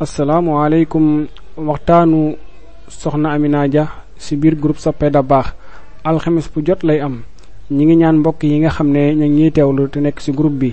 asalaamualeykum waxtaanu soxna Amina Dia ci biir groupe soppe da baax alxames bu jot lay am ñi ngi ñaan mbokk yi nga xam ne ñu ngi teewlu te nekk ci groupe bi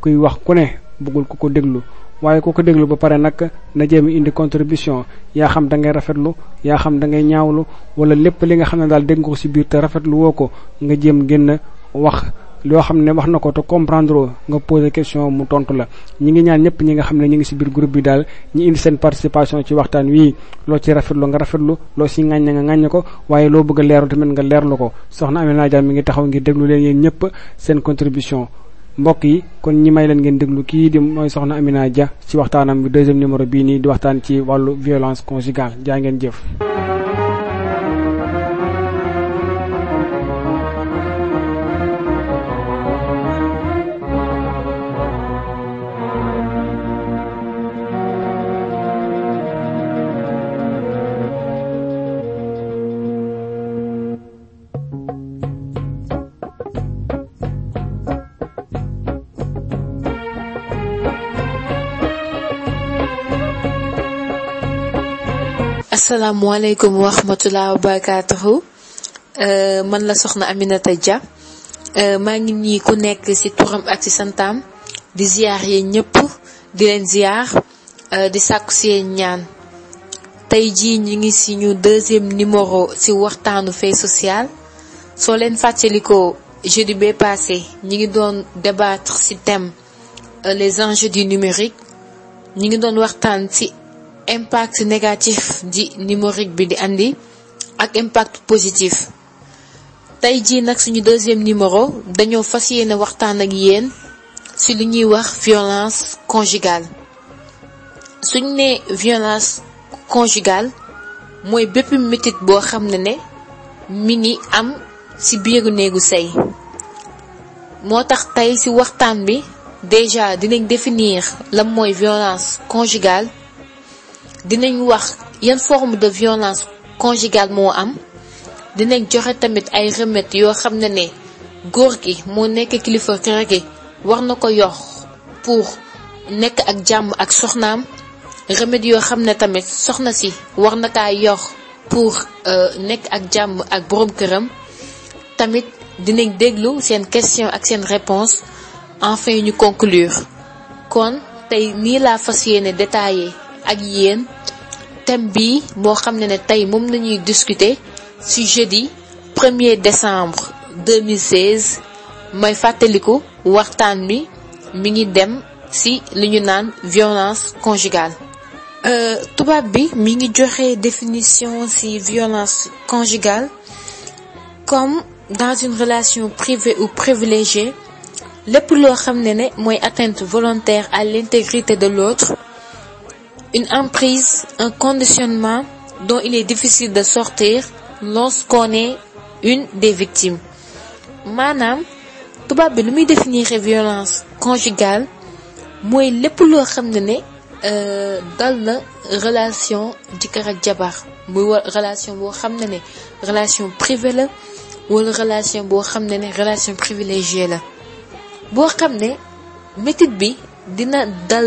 kuy wax ku ne bëggul ku ko déglu waaye ku ko déglu ba pare nag na jéem indi contribution yaa xam da ngay rafetlu yaa xam da ngay ñaawlu wala lépp li nga xam ne daal dégg nga ko ci biir te rafetlu woo ko nga jéem génn wax loo xam ne wax na ko te comprendre nga poser question mu tontu la ñi ngi ñaan ñëpp ñi nga xam ne ñi ngi si biir groupe bi daal ñi indi seen participation ci waxtaan wii loo ci rafetlu nga rafetlu loo ci ŋàññe nga ŋàññe ko waaye loo bëgg a leeru tamit nga leerlu ko soxna amee naa mi ngi taxaw ngir déglu leen yéen ñëpp seen contribution mbokk yi kon ñi may leen ngeen déglu kii di mooy soxna Amina Dia ci waxtaanam bi deuxième numéro bii nii di waxtaan ci wàllu violence conjugale jaa ngeen jëf asalaamaaleykum wa rahmatulah wa barakaatuhu euh, man la soxna Aminata ja euh, maa ngi nii ku nekk ci turam ak ci santam di ziar yéen ñëpp di leen ziar euh, di sàkku si ñaan tey jii ñu ngi si ñu deuxième numéro si waxtaanu fait social soo leen fàttalikoo jeudi bee passé ñi ngi doon débattre si thème les enjeux du numérique ñi ngi doon waxtaan si impact négatif di numérique bi di indi ak impact positif tey jii nag suñu deuxième numéro dañoo fas yéene waxtaan ak yéen ci li ñuy wax violence conjugale suñ nee violence conjugale mooy bépp métit boo xam ne ne mi ngi am ci biiru néegu sëy moo tax tey ci waxtaan bi déjà dinañ définir lan mooy violence conjugale dinañ wax yan forme de violence conjugale moo am dinañ joxe tamit ay remèdes yoo xam ne ne góor gi moo nekk kilifa kër gi war na ko yox pour nekk ak jàmm ak soxnaam remèdes yoo xam ne tamit soxna si war na kaa yox pour euh, nekk ak jàmm ak boroom këram tamit dinañ déglu seen question ak seen réponse enfin ñu conclure kon tey nii laa fas yéene détaillé ak yéen thème bi boo xam ne ne tey moom nañuy discuter ci jeudi 1er décembre 2016 may fàttaliku waxtaan bi mi ngi dem si li ñu naan violence conjugale euh, tubaab bi mi ngi joxe définition ci violence conjugale comme dans une relation privée ou privilégiée lépp loo xam ne ne mooy atteinte volontaire à l'intégrité de l'autre une emprise, un conditionnement dont il est difficile de sortir lorsqu'on est une des victimes maanaam tubaab bi lu muy définir violence conjugale mooy lépp loo xam ne ne euh, dal na relation jëkkër ak jabar muy relation boo xam ne ne relation privée la wala relation boo xam ne ne relation privilégiée la boo xam ne métit bi dina dal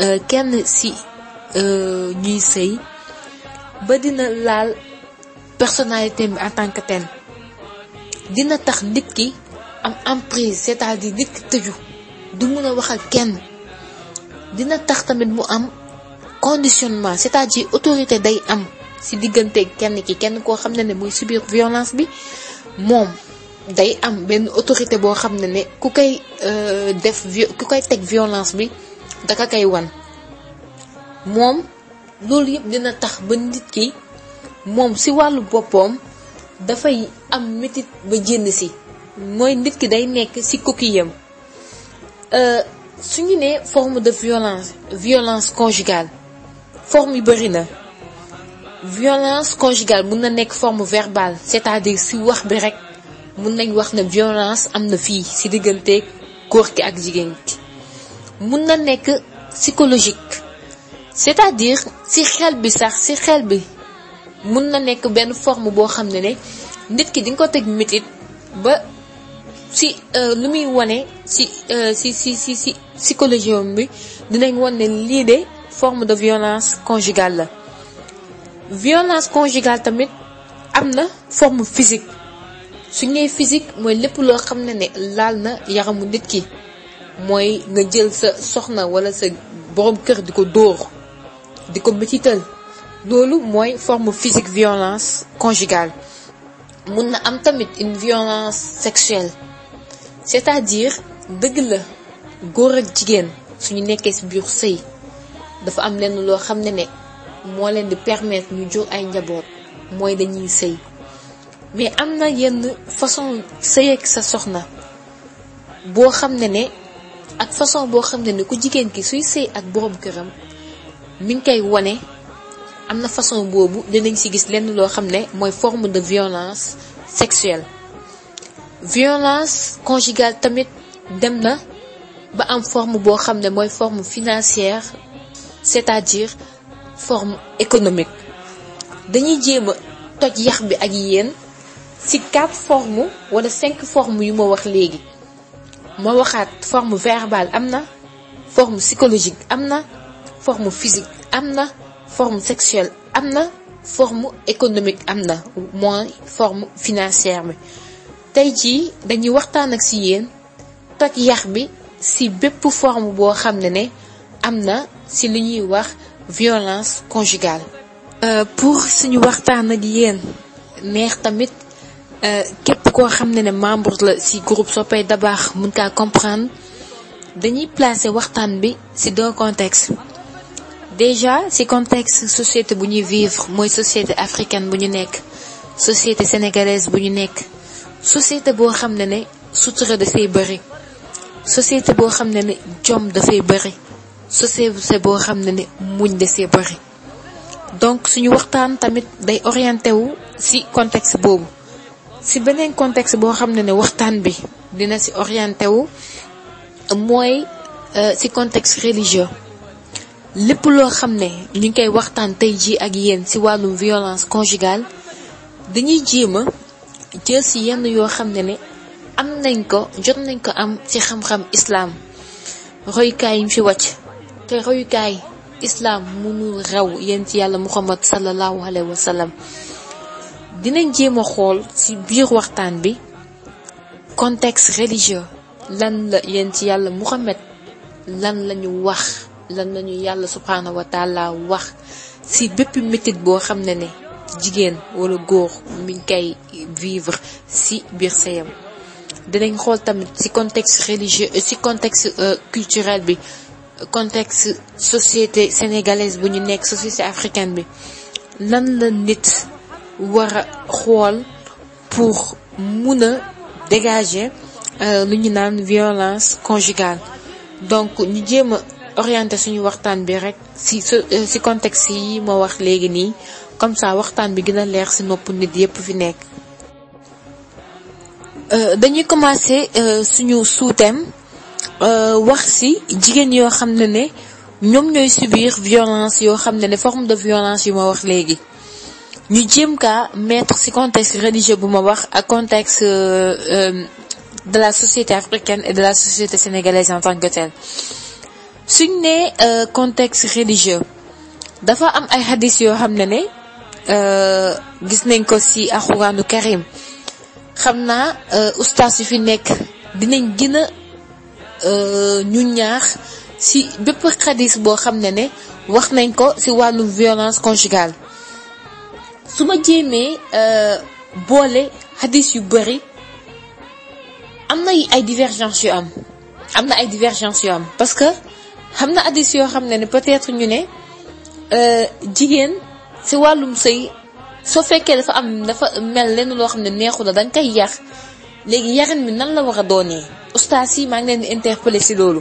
euh, kenn si Euh, ñuy sëy ba dina laal personnalité bi en tant que ten dina tax nit ki am emprise c'est-à-dire nit ki tëju du mun a wax ak kenn dina tax tamit mu am conditionnement c'est-à-dire autorité day am si diggante kenn ki kenn koo xam ne ne muy subir violence bi moom day am benn autorité boo xam ne ni ku koy euh, def ku koy teg violence bi daka koy wan moom loolu yëpp dina tax ba nit ki moom si wàllu boppam dafay am métit ba jénn si mooy nit ki day nekk si coquillam euh, su ñu nee forme de violence violence conjugale forme yu bëri na violence conjugale mun na nekk forme verbale c'est-à-dire si wax bi rek mun nañ wax ne violence am na fii si diggante koor ki ak jigéen ki mun na nekk psychologique c'est-à-dire ci xel bi sax ci xel bi mun na nekk benn forme boo xam ne ne nit ki dinga ko teg métit ba si euh, lu muy wane si euh, si si si si psychologie bi dinañ wan lii de forme de violence conjugale la violence conjugale tamit am na form physique suñ ñu nee mooy lépp loo xam ne ne laal na yaramu nit ki mooy nga jël sa soxna walla sa boroom kër di ko dóor di ko bëtital loolu mooy forme physique violence conjugale mun na am tamit une violence sexuelle c'est-à-dire dëgg la góor ak jigéen suñu nekkee ci biir sëy dafa am lenn loo xam ne ne moo leen di permettre ñu jur ay njaboot mooy dañuy sëy mais am na yenn façon sëy ak sa soxna boo xam ne ne ak façon boo xam ne ne ku jigéen ki suy sëy ak borom këram mi ngi koy wone am na façon boobu dinañ ci gis lenn loo xam ne mooy forme de violence sexuelle violence conjugale tamit dem na ba am forme boo xam ne mooy forme financière c'est-à-dire forme économique dañuy jéem a toj yax bi ak yéen ci quatre formes wala cinq formes yu ma wax léegi ma waxaat forme verbale am na forme psychologique am na forme physique am na forme sexuelle am na forme économique am na mooy forme financière bi tey jii dañuy waxtaan ak si yéen toj yax bi si bépp forme boo xam ne ne am na si li ñuy wax violence conjugale euh, pour suñu waxtaan ak yéen neex tamit euh, képp koo xam ne ne membre la si groupe soppay dabaax mun kaa comprendre dañuy placer waxtaan bi si deux contextes déjà ci contexte société bu ñuy vivre mooy société africaine bu ñu nekk société sénégalaise bu ñu nekk société boo xam ne ne sutura dafay bëri société boo xam ne ne jom dafay bëri société boo xam ne ne muñ dafay bëri donc suñu waxtaan tamit day orienté wu ci contexte boobu ci beneen contexte boo xam ne ne waxtaan bi dina ci orienté wu mooy euh, ci contexte religieux lépp loo xam ne ñu ngi koy waxtaan tey jii ak yéen ci wàllum violence conjugale dañuy jéem a jël ci yenn yoo xam ne ne am nañ ko jot nañ ko am ci xam-xam islaam royukaay yi mu fi wàcc te royukaay mu mënul raw yéen ci yàlla muhammad sallallahu alayhi wa sallam dinañ jéem a xool ci biir waxtaan bi contexte religieux lan la yéen ci yàlla muhammad lan lañu wax lan lañu yàlla subhaanahu wa taala wax ci bépp métit boo xam ne ne jigéen wala góor mi ngi koy ci biir sëyam dinañ xool tamit ci contexte religieux euh, bi contexte société bu ñu nekk société africaine bi nan la nit war xool pour mun a dégager euh, lu ñu naan violence conjugale donc ñu jéem orienté suñu waxtaan bi rek si euh, si contexte yi moo wax léegi nii comme ça waxtaan bi gën a leer si nopp nit yépp fi nekk. Euh, dañuy commencé euh, suñu sous-thème wax si jigéen yoo xam ne ne ñoom ñooy subir violence yoo xam ne ne forme de violence yu ma wax léegi ñu jéem kaa mettre si contexte religieux bu ma wax ak contexte de la société africaine et de la société sénégalaise en tant que suñ ne euh, contexte religieux dafa am ay xadis yoo xam ne ne euh, gis nañ ko si alxuraanu karim xam naa euh, ustaas yu fi nekk dinañ gën a ñu ñaax si bépp xadis boo xam ne ne wax nañ ko si wàllum violence conjugale su ma jéemee boole xadis yu bëri am na ay divergence yu am am na ay divergence yu am parce xam na addis yoo xam ne ne peut-être ñu ne euh, jigéen si wàllum sëy soo fekkee dafa am dafa mel lenn loo xam ne neexu la danga koy yar léegi yarin bi nan la wax a doonee ustaas yi maa ngi leen interpellé si loolu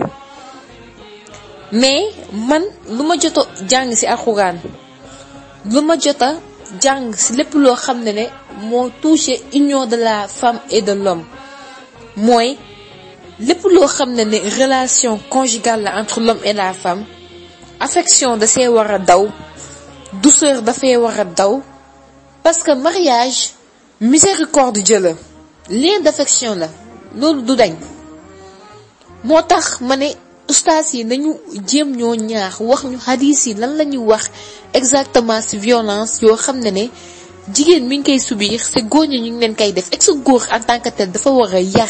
mais man lu ma jot jàng si alxuraan lu ma jot a jàng si lépp loo xam ne ne moo touché union de la femme et de l'homme mooy lépp loo xam ne ne relation conjugale la entre l'homme et la femme affection da see war a daw douceur dafay war a daw parce que mariage miséricorde jëla lien d'affection la loolu du dañ moo tax ma ne ustaas yi nañu jéem ñoo ñaax wax ñu hadis yi lan la ñuy wax exactement ci violence yoo xam ne ne jigéen mi ngi koy subir c'est góor ñi ñu ngi leen koy def et sa góor en tant que dafa war a yar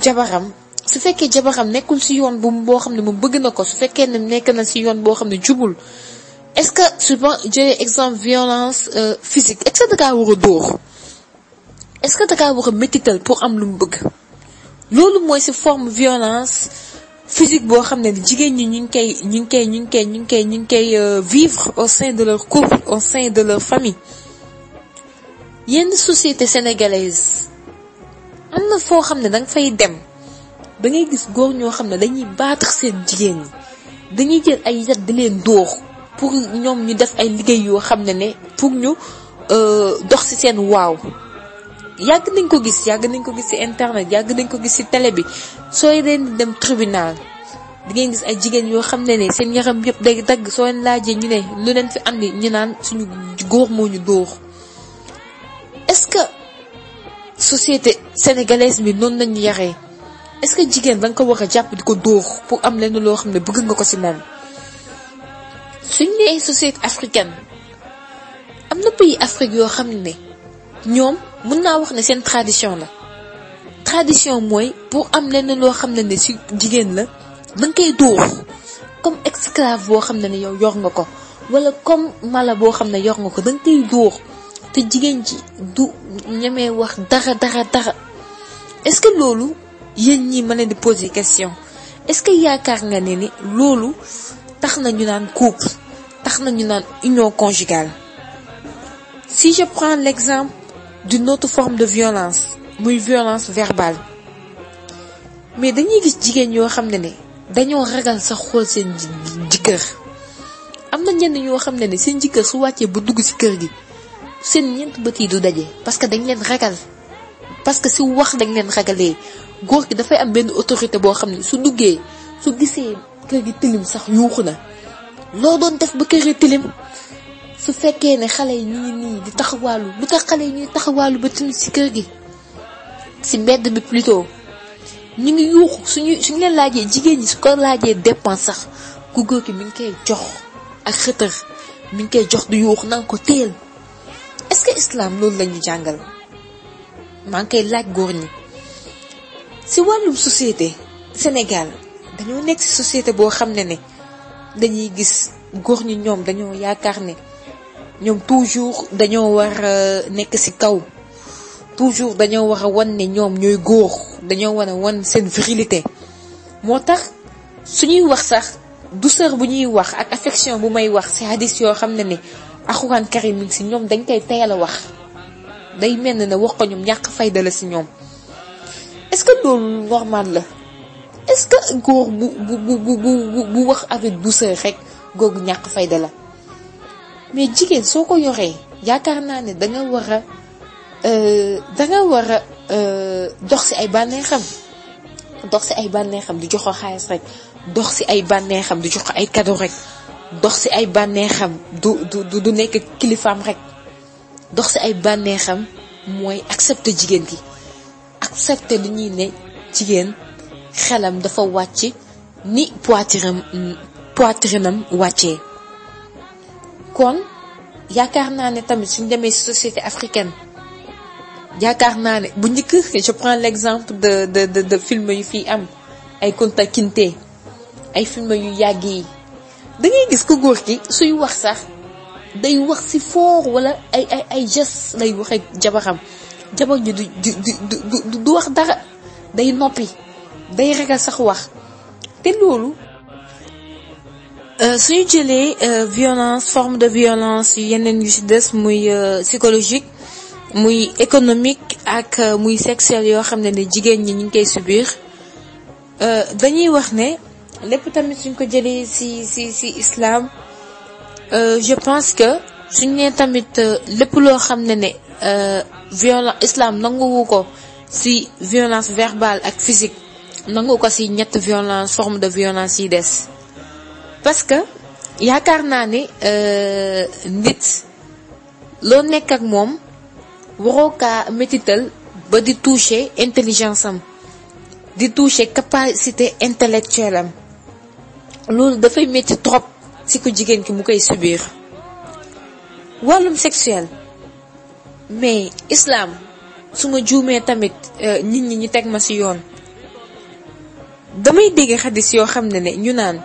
jabaram su fekkee jabaram nekkul ci yoon bu boo xam ne mu bëgg na ko su fekkee ne nekk na ci yoon boo xam ne jubul est-ce que su ma jëlee exemple violence euh, physique est-ce que da war a dóor est-ce que da kaa war a métital pour am lu mu bëgg loolu mooy si forme violence physique boo xam ne jigéen ñi ñu ngi koy ñu ngi koy ñu ngi koy ñu ngi koy ñu ngi koy euh, vivre au sein de leur couple au sein de leur famille yenn société sénégalaise am na foo xam ne danga fay dem da ngay gis góor ñoo xam ne dañuy baatax seen jigéen ñi dañuy jël ay yat di leen dóor pour ñoom ñu def ay liggéey yoo xam ne ne pour ñu euh, dox ci seen waaw yàgg nañ ko gis yàgg nañ ko gis ci internet yàgg nañ ko gis ci télé bi sooy leen di dem tribunal di ngeen gis ay jigéen yoo xam ne ne seen yaram yëpp day dagg soo leen laajee ñu ne lu leen fi am ñu naan suñu góor moo ñu dóor société sénégalaise bi noonu lañu yaree est-ce que jigéen da ko war a jàpp di ko dóor pour am lenn loo xam ne bëgg nga ko ci moom suñ nee société africaine am na pays Afrique yoo xam ne ñoom mën naa wax ne seen tradition la tradition mooy pour am lenn loo xam ne ne ci jigéen la da nga koy dóor comme esclave boo xam ne ne yow yor nga ko walla comme mala boo xam ne yor nga ko da nga koy te jigéen ji du ñemee wax dara dara dara est-ce que loolu yéen ñi ma leen di poser question est-ce que yaakaar nga ne ni loolu tax na ñu naan couple tax na ñu naan union conjugale si je prends l'exemple d'une autre forme de violence muy violence verbale mais dañuy gis jigéen yoo xam ne ne dañoo ragal sax xool seen jëkkër am na ñenn ñoo xam ne ne seen jëkkër su wàccee bu dugg ci kër gi seen ñeent bët yi du daje parce que dañ leen ragal parce que si wax dañ leen ragalee góor gi dafay am benn autorité boo xam ne su duggee su gisee kër gi tilim sax yuuxu na loo doon def ba kër gi tilim su fekkee ne xale yi ñu nii di taxawaalu lu tax xale yi ñuy taxawaalu ba tilim si kër gi si mbedd bi plutôt ñu ngi yuuxu suñu suñu leen laajee jigéen ñi su ko laajee dépense sax ku góor gi mi ngi koy jox ak xëtër mi ngi koy jox du yuux nanga ko téel est-ce que islam loolu la ñu jàngal maa ngi koy laaj góor ñi si wàllum société Sénégal dañoo nekk si société boo xam ne ne dañuy gis góor ñi ñoom dañoo yaakaar ne ñoom toujours dañoo war a nekk si kaw toujours dañoo war a wan ne ñoom ñooy góor dañoo war a wan seen virilité moo tax suñuy wax sax douceur bu ñuy wax ak affection bu may wax si hadis yoo xam ne ne alxuraan kari mi ngi si ñoom dañ koy teel a wax day mel ne wax ko ñoom ñàkk fayda si ñoom est-ce que loolu normal la est-ce que góor bu bu bu bu bu wax avec douceur rek góor gu ñàkk fayda mais jigéen soo ko yoree yaakaar naa ne danga war a euh, danga war a euh, dox si ay bànneexam dox si ay bànneexam di jox ko xaalis rek dox si ay bànneexam di jox ko ay cadeau rek. dox si ay bànneexam du du du nekk kilifaam rek dox si ay bànneexam mooy accepter jigéen gi accepter li ñuy ne jigéen xelam dafa wàcc ni poitrineam poitrineam wàccee kon yaakaar naa ne tamit suñ demee société africaine yaakaar naa ne bu njëkk je prends l'exemple de de de de film yu fii am ay Kunta ay film yu yàgg yi da ngay gis ko góor ki suy wax sax day wax si fort wala ay ay ay gestes lay wax ak jabaram jabar ji du du du du wax dara day noppi day ragal sax wax te loolu. Euh, suñu jëlee euh, violence forme de violence yeneen yu si des muy euh, psychologique muy économique ak muy sexuel yoo xam ne ne jigéen ñi ñu ngi koy subir dañuy wax ne. lépp tamit suñ ko jëlee ci ci ci islam euh, je pense que suñ nee tamit euh, lépp loo xam ne ne euh, violence islam nanguwu ko ci violence verbale ak physique nangu ko ci ñett violence forme de violence yi des parce que yaakaar naa ni nit loo nekk ak moom waroo kaa métital ba di toucher intelligence am di toucher capacité intellectuelle am loolu dafay metti trop si ku jigéen ki mu koy subir wàllum sexuel mais islaam su ma juumee tamit euh, nit ñi ñu teg ma si yoon damay dégg xadis yoo xam ne ne ñu naan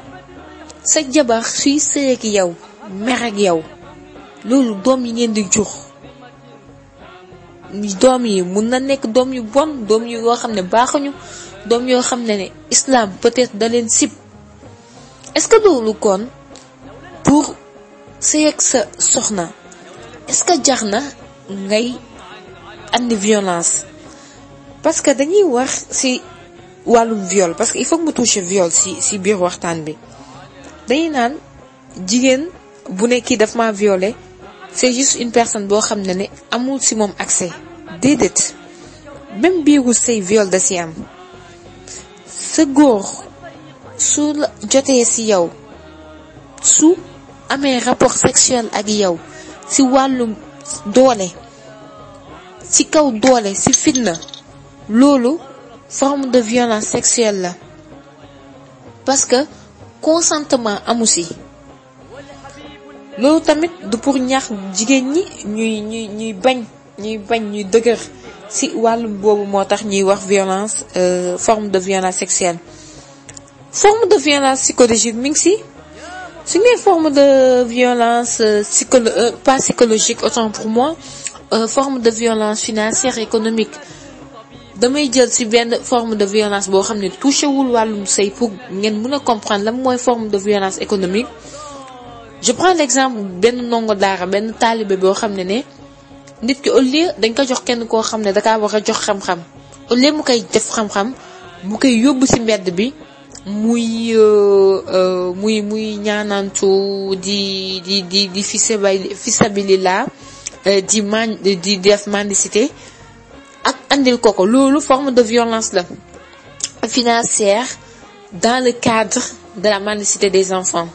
sa jabar suy sëy ak yow mer yow loolu doom yi ngeen di jur doom yi mun na nekk doom yu bon doom yu yoo xam ne baaxuñu doom yoo xam ne ne islaam peut-être da leen sib est-ce que loolu kon pour sëy ak sa soxna est-ce que jar na ngay andi violence parce que dañuy wax ci wàllum viol parce que il faut que mu toucher viol ci biir waxtaan bi dañuy naan jigéen bu ne kii daf ma viole c'est juste une personne boo xam ne ni amul ci moom accès déedéet même biiru sëy viol da ci am sa góor su jotee ci yow su amee rapport sexuel ak yow ci wàllum doole ci kaw doole ci fitna loolu forme de violence sexuelle la parce que consentement amu ci loolu tamit du pour ñaax jigéen ñi ñuy ñuy ñuy bañ ñuy bañ ñuy dëgër ci wàllum boobu moo tax ñuy wax violence euh, forme de violence sexuelle forme de violence psychologique mi ngi si su ñu nee forme de violence euh, psycholo euh, pas psychologique autant pour moi euh, forme de violence financière économique damay jël ci benn forme de violence boo xam ne touché wul wàllum sëy pour ngeen mën a comprendre lan mooy forme de violence économique je prends l'exemple benn ndongo daara benn taalibe boo xam ne ne nit ki au lieu dañ ko jox kenn koo xam ne da kaa war a jox xam-xam au lieu mu koy def xam-xam mu koy yóbbu ci mbedd bi. muy euh, euh, muy muy ñaanantu di di di di fisabilillah euh, di man di def mendicité ak andil ko ko loolu forme de violence la financière dans le cadre de la mendicité des enfants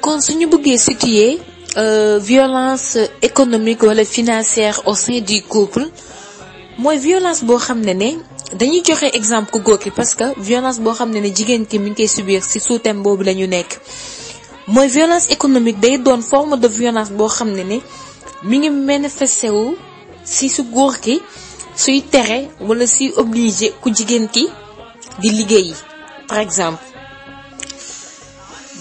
kon suñu bëggee situer Euh, violence économique wala financière au sein du couple mooy violence boo xam ne ne dañuy joxe exemple ku góor ki parce que violence boo xam ne ne jigéen ki mu ngi koy subir si sous-thème boobu la ñu nekk mooy violence économique day doon forme de violence boo xam ne ne mi ngi manifesté wu ci su góor ki suy tere wala suy obligé ku jigéen ki di liggéey par exemple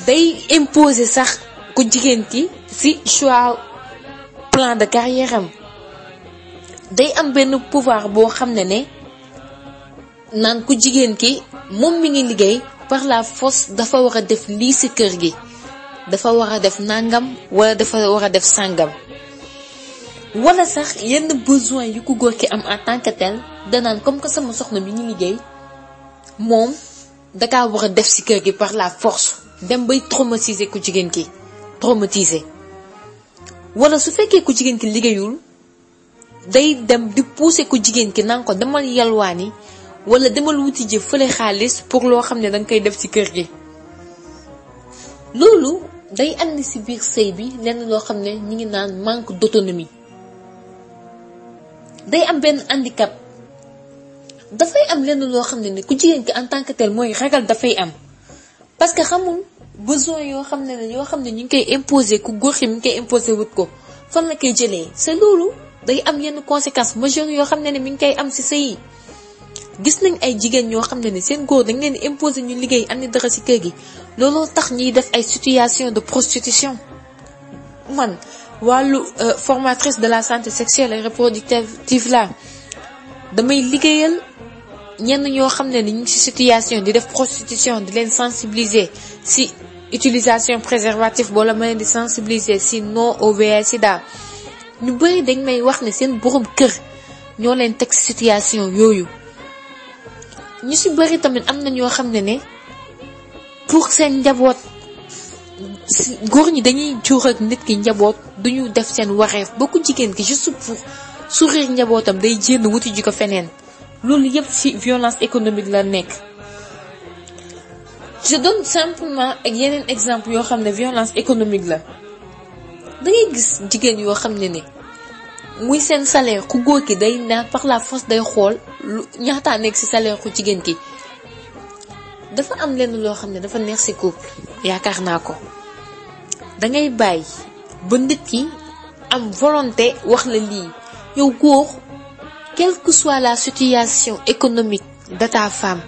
day imposer sax ku jigéen ki si choix plan de carrière am day am benn pouvoir boo xam ne ne naan ku jigéen ki moom mi ngi liggéey par la force dafa war a def lii si kër gi dafa war a def nàngam wala dafa war a def sàngam wala sax yenn besoin yu ko góor ki am en tant que tel danaan comme que sama soxna bi ngi liggéey moom daka war a def si kër gi par la force dem bay traumatiser ku jigéen ki traumatiser wala su fekkee ku jigéen ki liggéeyul day dem di pousser ku jigéen ki nan ko demal yalwaani wala demal wuti ji fële xaalis pour loo xam ne danga koy def ci kër gi loolu day andi ci biir sëy bi lenn loo xam ne ñu ngi naan manque d'autonomie day am benn handicap dafay am lenn loo xam ne ne ku jigéen ki en tant que tel mooy ragal dafay am parce xamul besoin yoo xam ne la yoo xam ne ñu ngi koy imposer ku góor mi ngi koy imposer wut ko fan la koy jëlee c'est loolu day am yenn conséquences majeures yoo xam ne ne mi ngi koy am si sëy yi gis nañ ay jigéen ñoo xam ne ne seen góor dañ leen imposer ñu liggéey am ni dara si kër gi looloo tax ñuy def ay situation de prostitution man wàllu euh, formatrice de la santé sexuelle et reproductive la damay liggéeyal. ñenn ñoo xam ne ni ñu ci situation di def prostitution di leen sensibiliser ci utilisation préservatif boo la mën di sensibiliser ci non OVS daal ñu bari dañ may wax ne seen borom kër ñoo leen teg situation yooyu ñu ci bari tamit am na ñoo xam ne ne pour seen njaboot góor ñi dañuy jur ak nit ki njaboot duñu def seen wareef ba ku jigéen ki juste pour sourire njabootam day jénn wuti ji ko feneen loolu yëpp ci violence économique la nekk je donne simplement ak yeneen exemple yoo xam ne violence économique la dangay gis jigéen yoo xam ne ni muy seen salaire ku góor ki day naan par la force day xool lu ñaataa nekk ci salaire ku jigéen ki dafa am lenn loo xam ne dafa neex si couple yaakaar naa ko dangay bàyyi ba nit ki am volonté wax la lii yow góor quelle que soit la situation économique data ta femme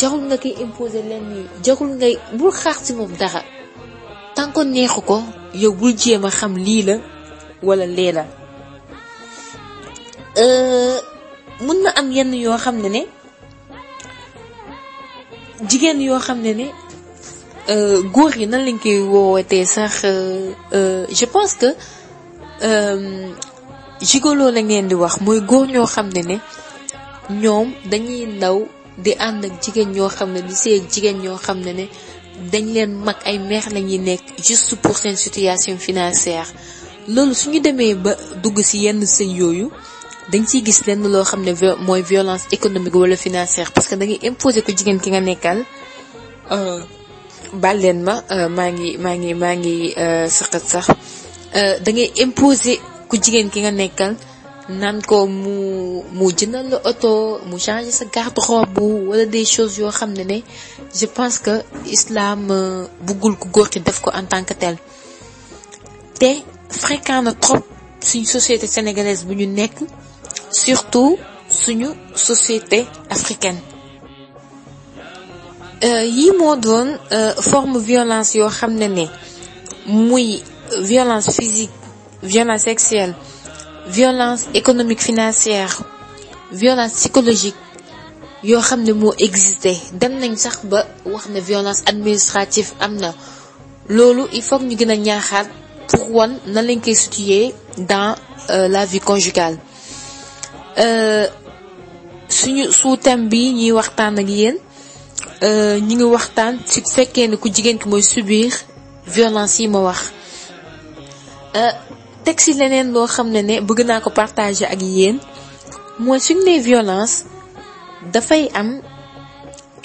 jarul nga koy imposer lenn yi ngay bul xaar ci moom dara tant que neexu ko yow bul jéem a xam lii la walla lee la euh, mën na am yenn yoo xam ne ne jigéen yoo xam ne ne euh, góor yi na lañ koy woowatee sax euh, je pense que gigolo la ngeen di wax mooy góor ñoo xam ne ne ñoom dañuy ndaw di ànd ak jigéen ñoo xam ne di see jigéen ñoo xam ne ne dañ leen mag ay meer lañuy nekk juste pour seen situation financière loolu suñu demee ba dugg ci yenn sëy yooyu dañ ciy gis lenn loo xam ne mooy violence économique wala financière parce que da ngay ko jigéen ki nga nekkal euh, baal ma euh, maa ngi maa ngi maa ngi euh, saqat sax da ngay ku jigéen ki nga nekkal naan ko mu mu jëndal la oto mu changer sa garde-robe wala des choses yoo xam ne ne je pense que islam euh, buggul ku góor ki def ko en tant que tel te fréquent na trop suñu société sénégalaise bu ñu nekk surtout suñu société africaine euh, yi moo doon euh, forme violence yoo xam ne ne muy violence physique violence sexuelle violence économique financière violence psychologique yoo xam ne moo existé dem nañ sax ba wax na violence administrative am na loolu il faut ñu gën a ñaaxaat pour wan na lañ koy situer dans euh, la vie conjugale euh, suñu sous bi ñuy waxtaan ak yéen euh, ñu ngi waxtaan ci fekkee ne ku jigéen ki mooy subir violence yi ma wax euh, teg si leneen loo xam ne ne bëgg naa ko partager ak yéen mooy suñ ne violence dafay am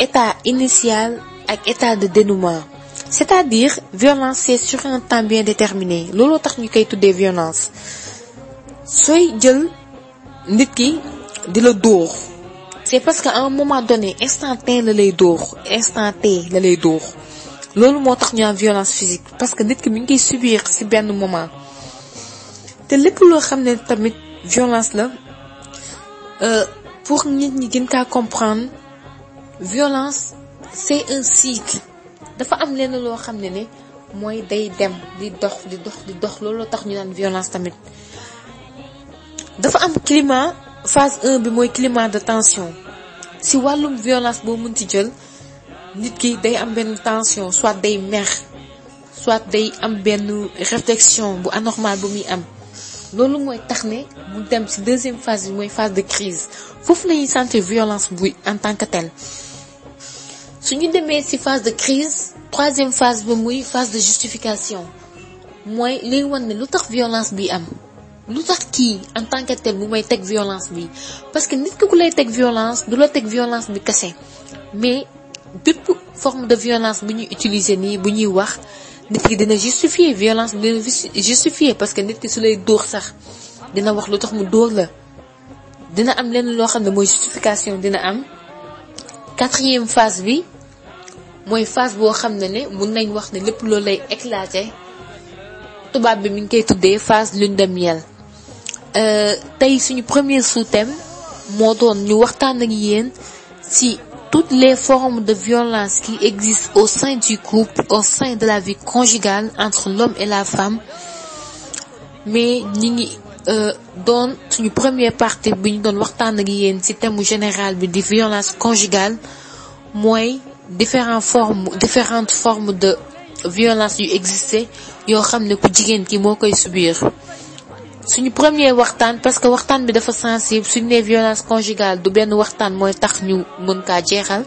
état initial ak état de dénouement c'est-à-dire violence c'est sur un temps bien déterminé looloo tax ñu koy tuddee violence sooy jël nit ki di la dóor c'est parce que à un moment donné instant T la lay dóor instant T la lay dóor loolu moo tax ñu am violence physique parce que nit ki mi ngi koy ci benn moment te lépp loo xam ne tamit violence la euh, pour nit ñi gën kaa comprendre violence c'est un cycle dafa am lenn loo xam ne ne mooy day dem di dox di dox di dox looloo tax ñu naan violence tamit dafa am climat phase 1 bi mooy climat de tension si wàllum violence boo mën ci jël nit ki day am benn tension soit day mer soit day am benn réflexion bu anormal bu muy am loolu mooy tax ne mu dem ci deuxième phase bi mooy phase de crise foofu lañuy sentir violence bu en tant que su ñu demee ci phase de crise troisième phase ba muy phase de justification mooy liy wan ne lu tax violence bi am lu tax kii en tant que tel bu may teg violence bi parce que nit ki ku lay teg violence du la teg violence bi kese mais bépp forme de violence bu ñuy utiliser nii bu ñuy wax nit ki dina justifier violence bi dina justifier parce que nit ki su lay dóor sax dina wax lu tax mu dóor la dina am lenn loo xam ne mooy justification dina am quatrième phase bi mooy phase boo xam ne ne mun nañ wax ne lépp loolu lay éclater tubaab bi mi ngi koy tuddee phase lune de miel euh, tey suñu premier sous moo doon ñu waxtaan ak yéen ci toutes les formes de violence qui existent au sein du couple, au sein de la vie conjugale entre l'homme et la femme mais ñi ngi euh, doon suñu première partie bi ñu doon waxtaan ak yéen ci thème général bi di violence conjugale mooy différentes formes de violence yu existé yoo xam ne ku jigéen ki moo koy subir suñu premier waxtaan parce que waxtaan bi dafa sensible suñu nee violence conjugale du benn waxtaan mooy tax ñu mën kaa jeexal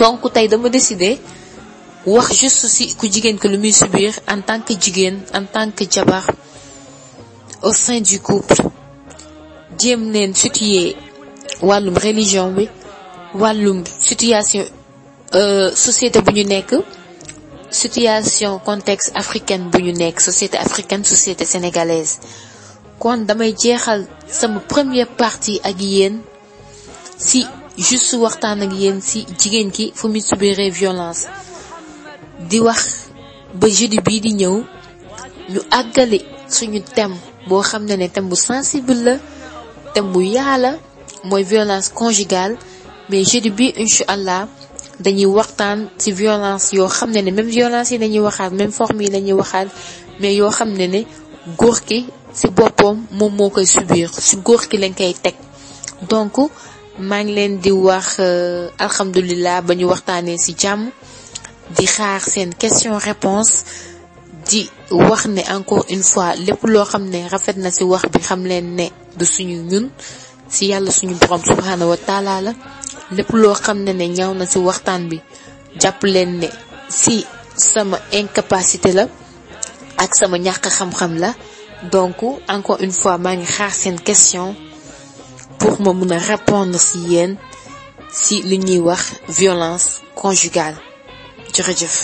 donc tey dama décider wax juste si ku jigéen ki lu muy subir en tant que jigéen en tant que jabar au sein du couple jéem leen situer wàllum religion bi wàllum situation euh, société bu ñu nekk situation contexte africaine bu ñu nekk société africaine société sénégalaise kon damay jeexal sama première partie ak yéen si juste waxtaan ak yéen si jigéen ki fu muy subiree violence di wax ba jeudi bii di ñëw ñu àggale suñu thème boo xam ne ne thème bu sensible la thème bu yaala mooy violence conjugale mais jeudi bi incha allah dañuy waxtaan ci violence yoo xam ne ne même violence yi dañuy waxaat même forme yi lañuy waxaat mais yoo xam ne ne góor ki si boppam moom moo koy subir si góor ki lañ koy teg donc maa ngi leen di wax euh, alhamdulilah ba ñu waxtaanee si jàmm di xaar seen question réponse di wax ne encore une fois lépp loo xam ne rafet na si wax bi xam leen ne du suñu ñun si yàlla suñu borom subhaanahu wa la lépp loo xam ne ne ñaw na si waxtaan bi jàpp leen ne si sama incapacité la ak sama ñàkk xam-xam la donc encore une fois maa ngi xaar seen question pour ma mun a répondre si yéen si li ñuy wax violence conjugale jërëjëf.